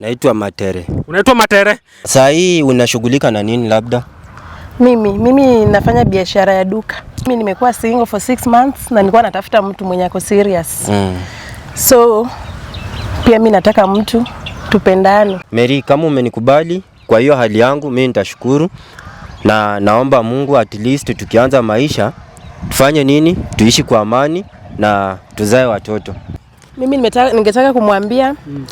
Naitwa Matere. Unaitwa Matere? Saa hii unashughulika na nini labda? Mimi, mimi nafanya biashara ya duka. Mimi nimekuwa single for six months na nilikuwa natafuta mtu mwenye ako serious. Mm. So pia mimi nataka mtu tupendane. Mary, kama umenikubali kwa hiyo hali yangu mimi nitashukuru na naomba Mungu at least tukianza maisha tufanye nini? Tuishi kwa amani na tuzae watoto. Mimi nimetaka, ningetaka kumwambia mm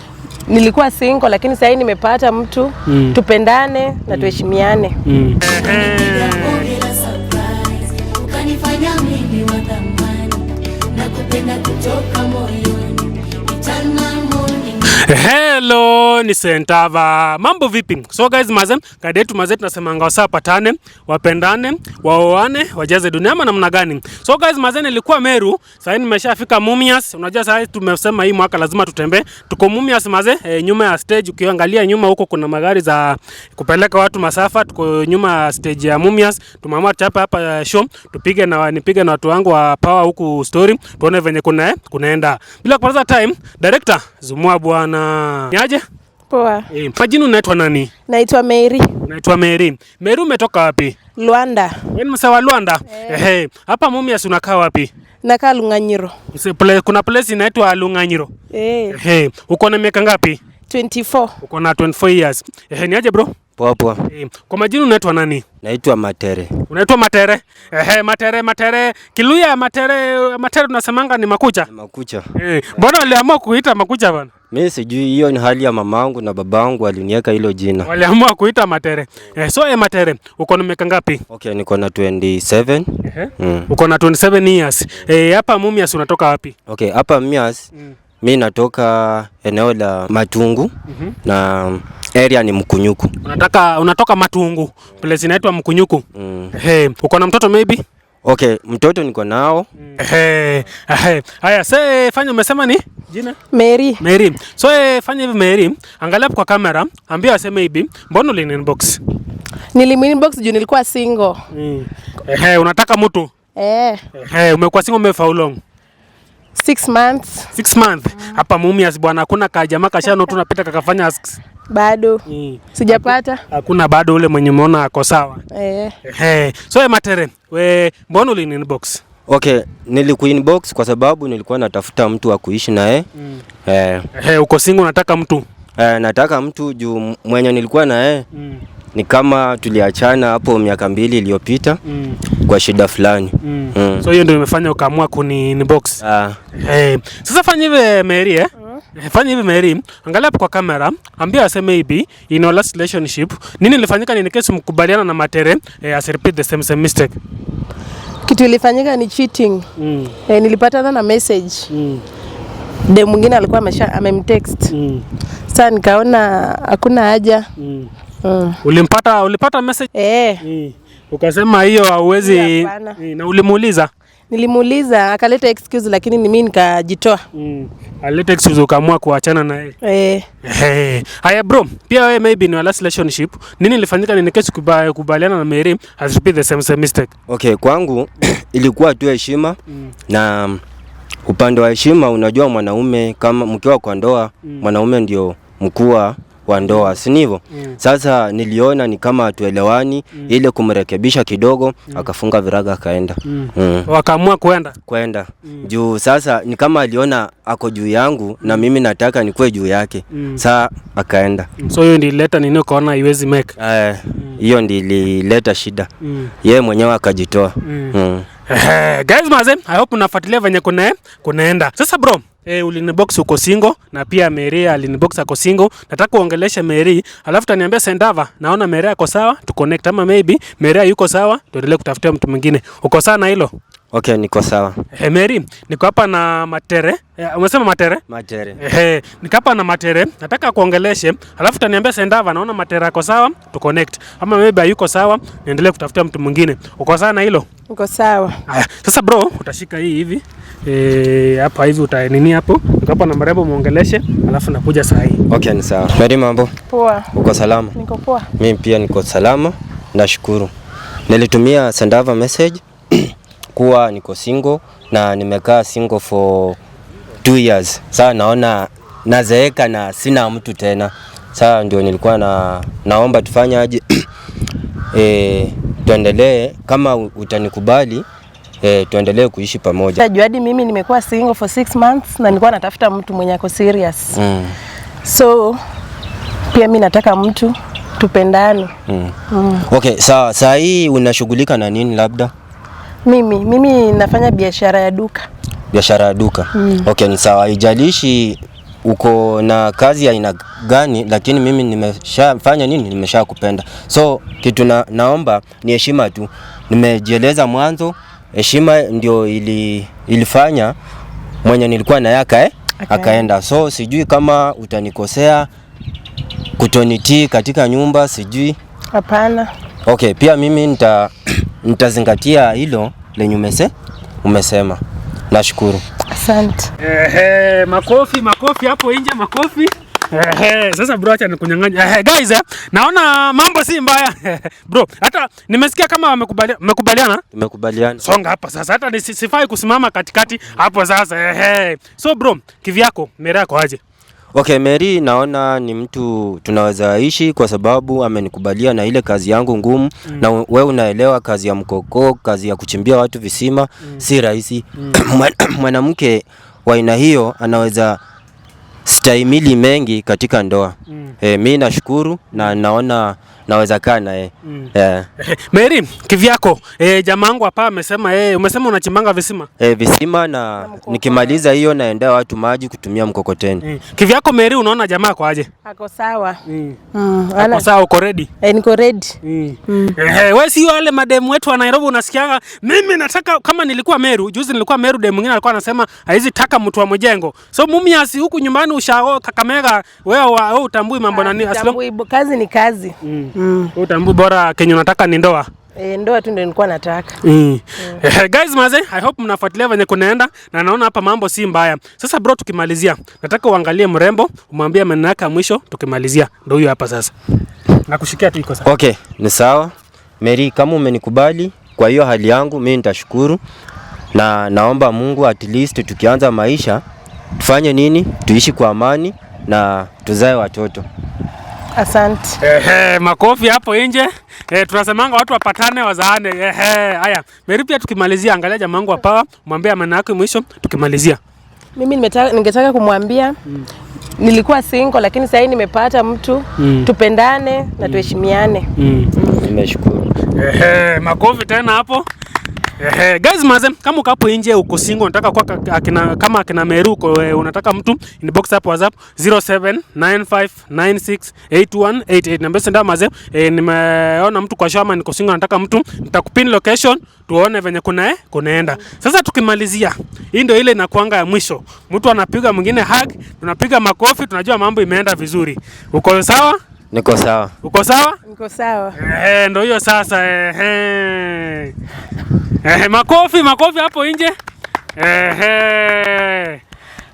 nilikuwa single lakini sasa nimepata mtu mm. Tupendane na tuheshimiane mm. mm. Hello, ni Sentava. Mambo vipi? So guys, maze, kadi yetu maze tunasemanga patane, wapendane, waoane, wajaze dunia ama namna gani? So guys, maze nilikuwa Meru, sasa hivi nimeshafika Mumias. Unajua sasa tumesema hii mwaka lazima tutembee. Tuko Mumias maze, e, nyuma ya stage ukiangalia nyuma huko kuna magari za kupeleka watu masafa. Tuko nyuma ya stage ya Mumias. Tumeamua tuchapa hapa eh, show, tupige na nipige na watu wangu wa power huku story. Tuone venye kuna eh, kunaenda. Bila kupoteza time, director, zumua bwana na Niaje? Poa. Eh, jina unaitwa nani? Naitwa Mary. Naitwa Mary. Mary umetoka wapi? Luanda. Wewe msa wa Luanda? Eh. Hey. Hapa Mumias unakaa wapi? Nakaa Lung'anyiro. Kuna place inaitwa Lung'anyiro. Eh. Hey. Uko na miaka ngapi? 24. Uko na 24 years. Eh, niaje bro? Poa poa. Eh, kwa majina unaitwa nani? Naitwa Matere. Unaitwa Matere? Eh, Matere, Matere. Kiluya Matere, Matere tunasemanga ni makucha. Ni makucha. Eh, mbona uliamua kuita makucha bana? Mi sijui hiyo ni hali ya mamangu na babangu waliniweka hilo jina. Waliamua kuita Matere. Eh, so eh, Matere, uko na miaka ngapi? Okay, niko na 27. Eh. Mm. Uko na 27 years. Eh, hapa Mumias unatoka wapi? Okay, hapa Mumias. Mm. Mi natoka eneo la Matungu mhm. mm -hmm. na area ni Mkunyuku. Unataka unatoka Matungu, place inaitwa Mkunyuku. Mm. Hey, eh, uko na mtoto maybe? Okay, mtoto niko nao. Ehe, ehe. Haya, sasa eh, fanya umesema ni jina? Mary. Mary. So eh, fanya hivi Mary, angalia kwa kamera, ambia aseme hivi, mbona ulini inbox? Nilimu inbox juu nilikuwa single. Mm. Ehe, unataka mtu? Eh. Ehe, umekuwa single umefaulu long? Six months. Six months. Mm. Hapa Mumias bwana, hakuna kajama kashano tunapita kakafanya asks. Bado mm. Sijapata. Hakuna bado ule mwenye umeona ako sawa eh. Hey. So eh, Matere, we mbona uli inbox? Okay, niliku inbox kwa sababu nilikuwa natafuta mtu wa kuishi naye mm. Eh. Hey, uko single unataka mtu eh? Nataka mtu juu mwenye nilikuwa naye mm ni kama tuliachana hapo miaka mbili iliyopita mm. kwa shida fulani mm. mm. So hiyo ndio imefanya ukaamua kuni inbox. Ah. Eh, Sasa fanya hivi eh, Mary eh. Mm. eh? Fanya hivi Mary, angalia hapo kwa kamera, ambia aseme hivi in our last relationship nini ilifanyika, ni kesi mkubaliana na matere eh, as repeat the same same mistake. Kitu ilifanyika ni cheating. Mm. Eh, nilipatana na message. Mm. Dem mwingine alikuwa amesha amemtext. Mm. Sasa nikaona hakuna haja. Mm. Mm. Ulimpata, ulipata message? Eh. Mm. Ukasema hiyo hauwezi yeah, mm, na ulimuuliza? Nilimuuliza akaleta excuse lakini ni mimi nikajitoa. Mm. Aleta excuse ukaamua kuachana naye. Eh. Hey. Hey. Haya bro, pia wewe maybe ni last relationship. Nini ilifanyika ni nikesi kubaya kubaliana na Mary has repeat the same, same mistake? Okay, kwangu ilikuwa tu heshima mm. na upande wa heshima, unajua mwanaume kama mkiwa kwa ndoa mm. mwanaume ndio mkuu wa ndoa, si ndivyo? Mm. Sasa niliona ni kama hatuelewani mm. ile kumrekebisha kidogo mm. akafunga viraga akaenda mm. mm. wakaamua kwenda kwenda mm. juu sasa ni kama aliona ako juu yangu na mm. mimi nataka nikuwe juu yake mm. saa akaenda mm. so hiyo ndio ileta nini, ukaona iwezi make eh, mm. hiyo mm. ndio ilileta shida mm. yeye mwenyewe akajitoa mm. mm guys maze, I hope mnafuatilia venye kuna kunaenda. Sasa bro, eh, ulinibox uko single na pia Mary alinibox ako single. Nataka uongeleshe Mary, alafu taniambia Sendava, naona Mary ako sawa, tu ama maybe Mary yuko sawa, tuendelee kutafutia mtu mwingine. Uko sawa na hilo? Okay, niko sawa. Hey, eh, Mary, niko hapa na Matere. Eh, umesema Matere? Matere. Hey, eh, niko hapa na Matere. Nataka kuongeleshe, alafu taniambia Sendava naona Matere yako sawa, tu connect. Ama maybe hayuko sawa, niendelee kutafuta mtu mwingine. Uko sawa na hilo? Uko sawa. Haya, sasa bro, utashika hii hivi. Eh, hapa hivi uta nini hapo? Niko hapa na Marebo muongeleshe, alafu nakuja saa hii. Okay, ni sawa. Mary, mambo? Poa. Uko salama? Niko poa. Mimi pia niko salama. Nashukuru. Nilitumia Sendava message kuwa niko single na nimekaa single for two years. Sasa naona nazeeka na sina mtu tena. Sasa ndio nilikuwa na, naomba tufanyaje aje e, tuendelee kama utanikubali e, tuendelee kuishi pamoja. Juhadi, mimi nimekuwa single for six months na nilikuwa natafuta mtu mwenye ako serious mm. So pia mi nataka mtu tupendane mm. Mm. Okay, sawa. Saa hii unashughulika na nini labda? Mimi mimi nafanya biashara ya duka. Biashara ya duka mm. Okay, ni sawa, haijalishi uko na kazi ya aina gani, lakini mimi nimeshafanya nini, nimesha kupenda. So kitu na, naomba ni heshima tu. Nimejieleza mwanzo, heshima ndio ili, ilifanya mwenye nilikuwa na yaka eh? Okay. Akaenda. So sijui kama utanikosea kutonitii katika nyumba, sijui. Hapana. Okay, pia mimi nita nitazingatia hilo lenye umese umesema. Nashukuru, asante. Ehe, makofi makofi hapo nje, makofi. Ehe, sasa bro, acha nikunyang'anya. Ehe, guys eh, naona mambo si mbaya bro, hata nimesikia kama wamekubaliana, tumekubaliana songa hapa sasa, hata nisifai kusimama katikati hapo sasa. Ehe, so bro, kivyako mera yako aje? Okay, Mary naona ni mtu tunaweza ishi kwa sababu amenikubalia na ile kazi yangu ngumu mm. Na we unaelewa kazi ya mkoko, kazi ya kuchimbia watu visima mm. si rahisi mm. mwanamke wa aina hiyo anaweza stahimili mengi katika ndoa mm. E, mi nashukuru na naona naweza kaa naye mm. yeah. Mary, kivyako eh, jamaa wangu hapa amesema eh, umesema unachimbanga visima eh, visima na, na nikimaliza hiyo naendea watu maji kutumia mkokoteni mm. Kivyako Mary, unaona jamaa kwa aje? Ako sawa mm. mm ako sawa, uko ready? Eh, niko ready mm. mm. Eh, wewe si wale mademu wetu wa Nairobi unasikianga, mimi nataka kama nilikuwa Meru juzi, nilikuwa Meru, demu mwingine alikuwa anasema haizi taka mtu wa mjengo, so mumi asi huku nyumbani ushao Kakamega, wewe wewe utambui mambo nani? Kazi ni kazi mm. Mm. utambu bora kenye unataka ni ndoa. E, ndoa tu ndio nilikuwa nataka. Mm. Mm. Eh, guys maze, I hope mnafuatilia venye kunaenda na naona hapa mambo si mbaya. Sasa bro, tukimalizia nataka uangalie mrembo, umwambie maneno yake ya mwisho tukimalizia. Ndio huyo hapa sasa. Nakushikia tu iko sasa. Okay, ni sawa. Mary, kama umenikubali kwa hiyo hali yangu, mimi nitashukuru na naomba Mungu at least tukianza maisha tufanye nini, tuishi kwa amani na tuzae watoto. Asante. Ehe, makofi hapo nje. Eh, tunasemanga watu wapatane wazaane. Ehe, haya. Meri pia tukimalizia, angalia jamaa wangu hapa, mwambie maana yako mwisho tukimalizia. Mimi nimetaka ningetaka kumwambia mm. Nilikuwa single lakini sasa hivi nimepata mtu mm. Tupendane na mm. tuheshimiane. Mm. Mm. Nimeshukuru. Ehe, makofi tena hapo. Eh, guys maze, kama uko hapo nje uko single unataka kwa akina, kama akina Meru uko eh, unataka mtu inbox hapo WhatsApp 0795968188. Nambia senda maze, eh, nimeona mtu kwa shama niko single nataka mtu, nitakupin location tuone venye kuna eh, kunaenda. Sasa tukimalizia, hii ndio ile inakuanga ya mwisho. Mtu anapiga mwingine hug, tunapiga makofi, tunajua mambo imeenda vizuri. Uko sawa? Niko sawa. Uko sawa? Niko sawa. Eh, ndio hiyo sasa. Eh, makofi makofi hapo nje. Eh.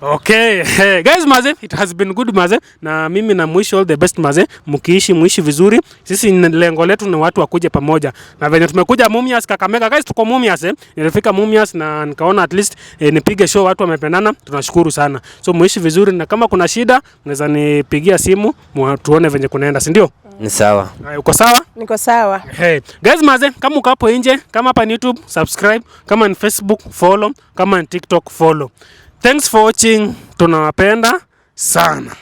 Okay. Hey, guys maze, it has been good maze, na mimi na mwishi all the best maze, mkiishi mwishi vizuri. Sisi lengo letu ni watu wakuje pamoja, na venye tumekuja Mumias Kakamega guys, tuko Mumias eh. Nilifika Mumias na nikaona at least eh, nipige show, watu wamependana, tunashukuru sana. So mwishi vizuri, na kama kuna shida mnaweza nipigia simu tuone venye kunaenda, si ndio? Ni sawa. Uko sawa? Niko sawa. Hey. Guys maze, kama uko hapo nje, kama hapa ni YouTube subscribe, kama ni Facebook follow, kama ni TikTok follow. Thanks for watching, tunawapenda sana.